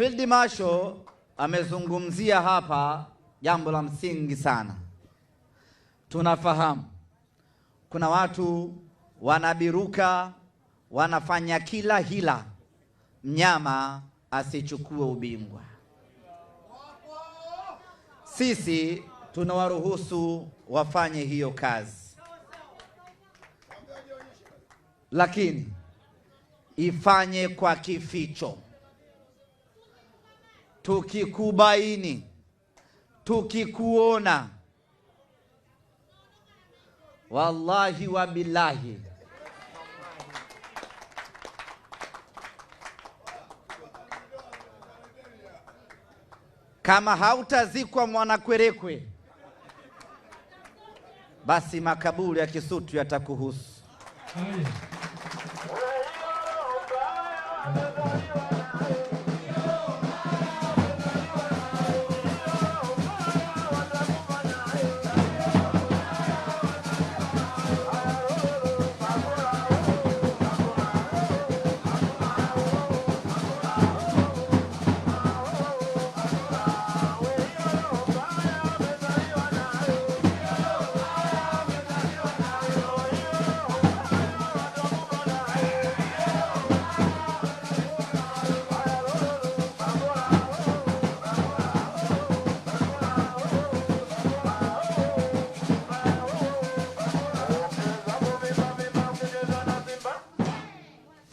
Field Marshal amezungumzia hapa jambo la msingi sana. Tunafahamu kuna watu wanabiruka, wanafanya kila hila mnyama asichukue ubingwa. Sisi tunawaruhusu wafanye hiyo kazi, lakini ifanye kwa kificho tukikubaini, tukikuona, wallahi wa billahi, kama hautazikwa Mwanakwerekwe, basi makaburi ya Kisutu yatakuhusu.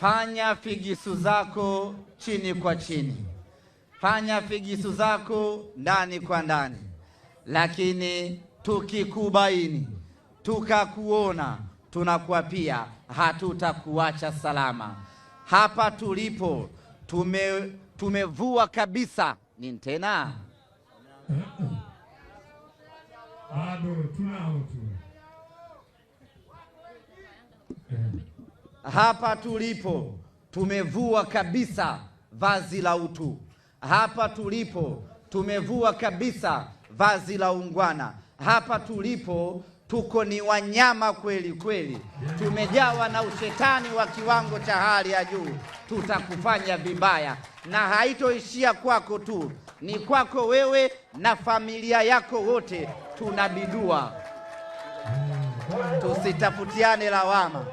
Fanya figisu zako chini kwa chini, fanya figisu zako ndani kwa ndani, lakini tukikubaini tukakuona, tunakuwa pia hatutakuacha salama. Hapa tulipo tume, tumevua kabisa ni tena bado tunao tu Hapa tulipo tumevua kabisa vazi la utu. Hapa tulipo tumevua kabisa vazi la ungwana. Hapa tulipo tuko ni wanyama kweli kweli, tumejawa na ushetani wa kiwango cha hali ya juu. Tutakufanya vibaya, na haitoishia kwako tu, ni kwako wewe na familia yako wote. Tunabidua, tusitafutiane lawama.